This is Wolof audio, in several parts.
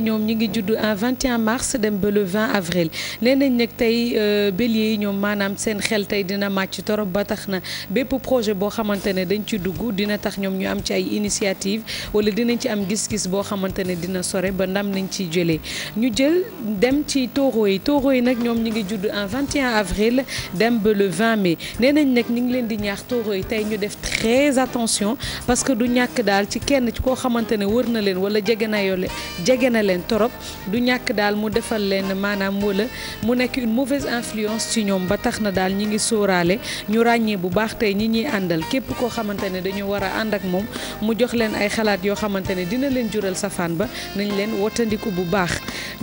ñoom ñi ngi judd en 21 mars dem ba le 20 avril nee nañ nag tey euh, bélier yi ñoom maanaam seen xel tey dina màcc torop ba tax na bépp projet boo xamante ne dañ ci dugg dina tax ñoom ñu am ci ay initiative wala dinañ ci am gis-gis boo xamante ne dina sore ba ndam nañ ciy jëlee ñu jël dem ci taureau yi taureau yi nag ñoom ñi ngi judd en 21 avril dem ba le 20 mai nee nañ nag ñi ngi leen di ñaax taureau yi tey ñu def très attention parce que du ñàkk daal ci kenn ci koo xamante ne wër na leen wala jege na leen torop du ñàkk daal mu defal leen maanaam wala mu nekk une mauvaise influence ci ñoom ba tax na daal ñi ngi sóoraale ñu ràññee bu baax tey ñi ñuy àndal képp koo xamante ne dañu war a ànd ak moom mu jox leen ay xalaat yoo xamante ne dina leen jural safaan ba nañ leen watandiku bu baax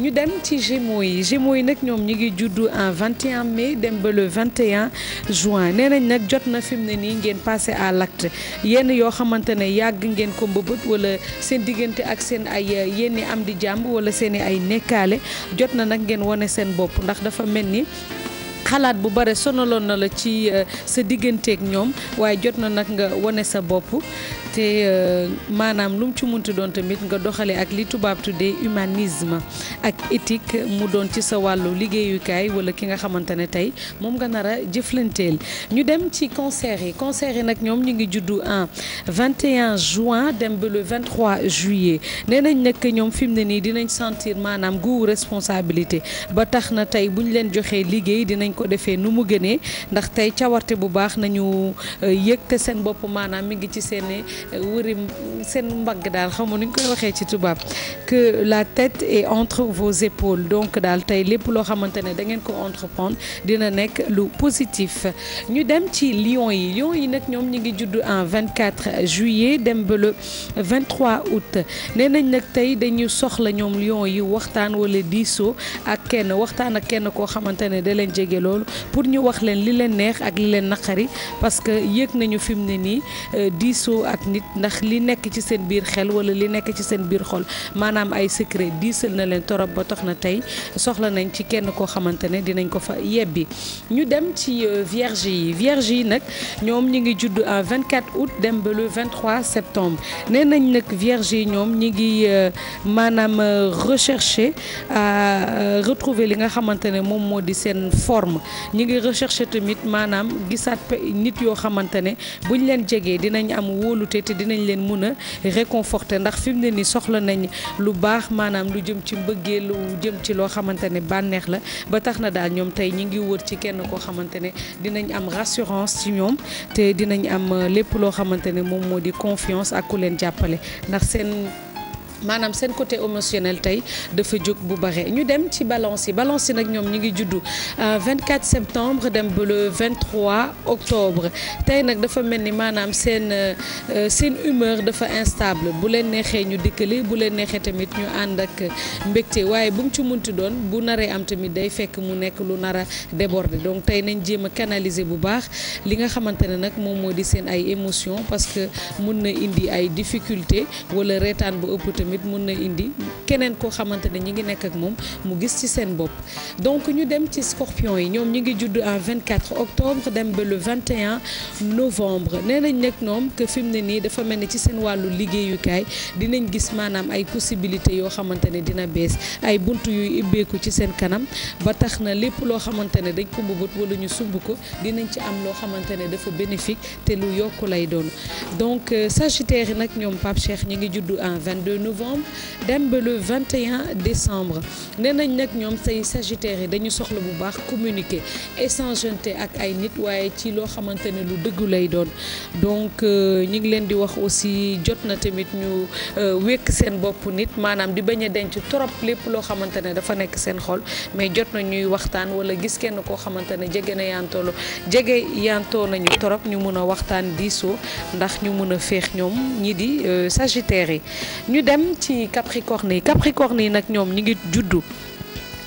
ñu dem ci gémeaux yi gémeaux yi nag ñoom ñi ngi juddu en 21 mai dem ba le 21 juin nee nañ nag jot na fi mu ne nii ngeen passé à l'acte yenn yoo xamante ne yàgg ngeen ko mbëbët wala seen diggante ak seen làmb wala seen ay nekkaale jot na nag ngeen wone seen bopp ndax dafa mel ni xalaat bu bare sonaloon na la ci euh, sa digganteeg ñoom waaye jot na nag nga wone sa bopp te euh, maanaam lu mu ci munti doon tamit nga doxale ak li tubaab tuddee humanisme ak éthique mu doon ci sa wàllu liggéeyukaay wala ki nga xamante ne tey moom nga nar a jëflanteel ñu dem ci concert yi concert yi nag ñoom ñu ngi juddu en 21 juin dem ba le 23 juillet nee nañ nag ñoom fi mu ne nii dinañ sentir maanaam guubu responsabilité ba tax na tey bu ñu leen joxee liggéey dinañ ko defee nu mu gënee ndax tey cawarte bu baax nañu euh, yëg te seen bopp maanaam mi ngi ci seen wëri seen mbagg daal xam nga nu ñu koy waxee ci tubaab que la tête et entre vos épaules donc daal tey lépp loo xamante ne da ngeen ko entreprendre dina nekk lu positif ñu dem ci lion yi lion yi nag ñoom ñu ngi juddu en 24 juillet dem ba le 23 août nee nañ nag tey dañu soxla ñoom lion yi waxtaan wala diisoo ak kenn waxtaan ak kenn koo xamante ne da leen jege loolu pour ñu wax leen li leen neex ak li leen naqari parce que yëg nañu fi mu ne nii euh, diisoo ak nit ndax li nekk ci seen biir xel wala li nekk ci seen biir xol maanaam ay secret diisal na leen torop ba tax na tey soxla nañ ci kenn koo xamante ne dinañ ko fa yebbi ñu dem ci euh, vierge yi vierge yi nag ñoom ñi ngi judd en 24 août dem ba le 23 septembre nee nañ nag vierge yi ñoom ñu ngi euh, maanaam euh, rechercher à retrouver li nga xamante ne moom moo di seen forme ñi ngi rechercher tamit maanaam gisaat nit yoo xamante ne buñ leen jegee dinañ am wóolute sécurité te dinañ leen mun a réconforter ndax fi mu ne nii soxla nañ lu baax maanaam lu jëm ci mbëggee lu jëm ci loo xamante ne bànneex la ba tax na daal ñoom tey ñi ngi wër ci kenn koo xamante ne dinañ am rassurance ci ñoom te dinañ am lépp loo xamante ne moom moo di confiance ak ku leen jàppale ndax seen maanaam seen côté émotionnel tey dafa jóg bu bare ñu dem ci balance yi balance yi nag ñoom ñu ngi juddu euh, 24 septembre dem ba le 23 octobre tey nag dafa mel ni maanaam seen euh, seen humeur dafa instable bu leen neexee ñu dikkali bu leen neexee tamit ñu ànd ak mbégte waaye bu mu ci munti doon bu naree am tamit day fekk mu nekk lu nar a déborder donc tey nañ jéem a canaliser bu baax li nga xamante ne nag moom moo di seen ay émotion parce que mun na indi ay difficulté wala tamit mun na indi keneen koo xamante ne ñi ngi nekk ak moom mu gis ci seen bopp donc ñu dem ci scorpion yi ñoom ñi ngi judd en 24 octobre dem ba le 21 novembre nee nañ nag ñoom que fi mu ne nii dafa mel ni ci seen wàllu liggéeyukaay dinañ gis maanaam ay possibilités yoo xamante ne dina bees ay bunt yuy ibbeeku ci seen kanam ba tax na lépp loo xamante ne dañ ko mbëbët wala ñu sumb ko dinañ ci am loo xamante ne dafa bénéfique te lu yokk lay doon donc euh, sagittaire novembre dem ba le 21 décembre nee nañ nag ñoom say sagittaires yi dañu soxla bu baax communiqué échangeante ak ay nit waaye ci loo xamante ne lu dëggu lay doon donc euh, ñi ngi leen di wax aussi jot na tamit ñu euh, wékk seen bopp nit maanaam di bañ a denc trop lépp loo xamante ne dafa nekk seen xol mais jot na ñuy waxtaan wala gis kenn koo xamante ne jege na yantoolu jege yantoo nañu trop ñu mun a waxtaan diisoo ndax ñu mun a féex ñoom ñi di euh, sagittaire yi ñu dem jëm ci capricorne yi capricorne yi nag ñoom ñi ngi juddu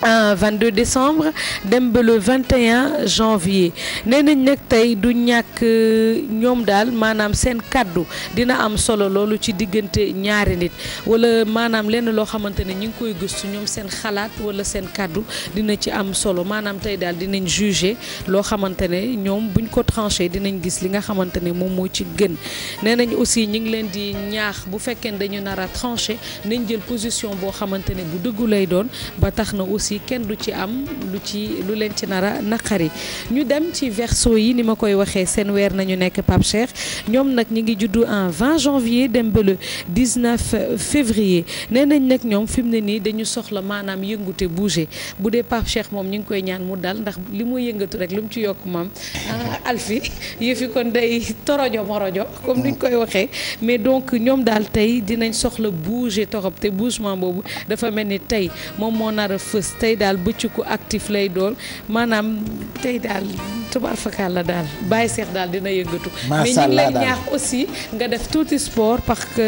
22 décembre dem ba le 21 janvier nee nañ nag tey du ñàkk euh, ñoom daal maanaam seen kàddu dina am solo loolu ci diggante ñaari nit wala maanaam lenn loo xamante ne ñi ngi koy gëstu ñoom seen xalaat wala seen kàddu dina ci am solo maanaam tey daal dinañ juger loo xamante ne ñoom buñ ko tranché dinañ gis li nga xamante ne moom moo ci gën nee nañ aussi ñi ngi leen di ñaax bu fekkee dañu nar a tranché nañ jël position boo xamante ne bu dëggu lay doon ba tax na aussi kenn du ci am lu ci lu leen ci nara naqari ñu dem ci verseau yi ni ma koy waxee seen weer nañu nekk Pape Cheikh ñoom nag ñi ngi juddu en 20 janvier dem ba le 19 février nee nañ nag ñoom fi mu ne nii dañu soxla maanaam yëngute bouger bu dee Pape Cheikh moom ñu ngi koy ñaan mu dal ndax li muy yëngatu rek lu ci yokk maam ah, alfi yëfi kon day torojo morojo comme ni ñu koy waxee mais donc ñoom daal tey dinañ soxla bouger torop te bougement boobu dafa mel ni tey moom moo nar a fës tey daal bëccëgu actif lay doon maanaam tey daal tubaar fakal la daal bàyyi seex daal dina yëngatu mais ñu ngi lay ñaax aussi nga def tuuti sport parce que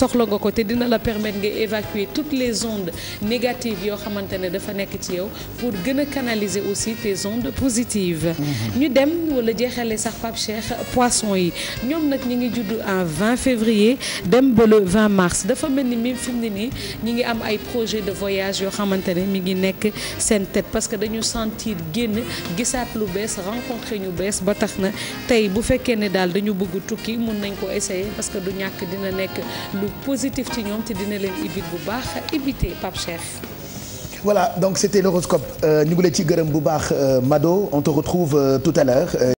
soxla nga ko te dina la permettre nga évacuer toutes les ondes négatives yoo xamante ne dafa nekk ci yow pour gën a canaliser aussi tes ondes positives mhm. ñu dem wala jeexale sax Pape Cheikh poisson yi ñoom nag ñi ngi judd en 20 février dem ba le 20 mars dafa mel ni même fi mu ne nii ñi ngi am ay projet de voyage yoo xamante ne mi ngi nekk seen tête parce que dañu sentir génn gisaat lu bees rencontré ñu bees ba tax na tey bu fekkee ne daal dañu bëgg tukki mun nañ ko essayer parce que du ñàkk dina nekk lu positif ci ñoom te dina leen ibit bu baax ibité Pape Cheikh. voilà donc c'était l'horoscope euh, ñu ngi la ci gërëm bu baax euh, Mado on te retrouve euh, tout à l'heure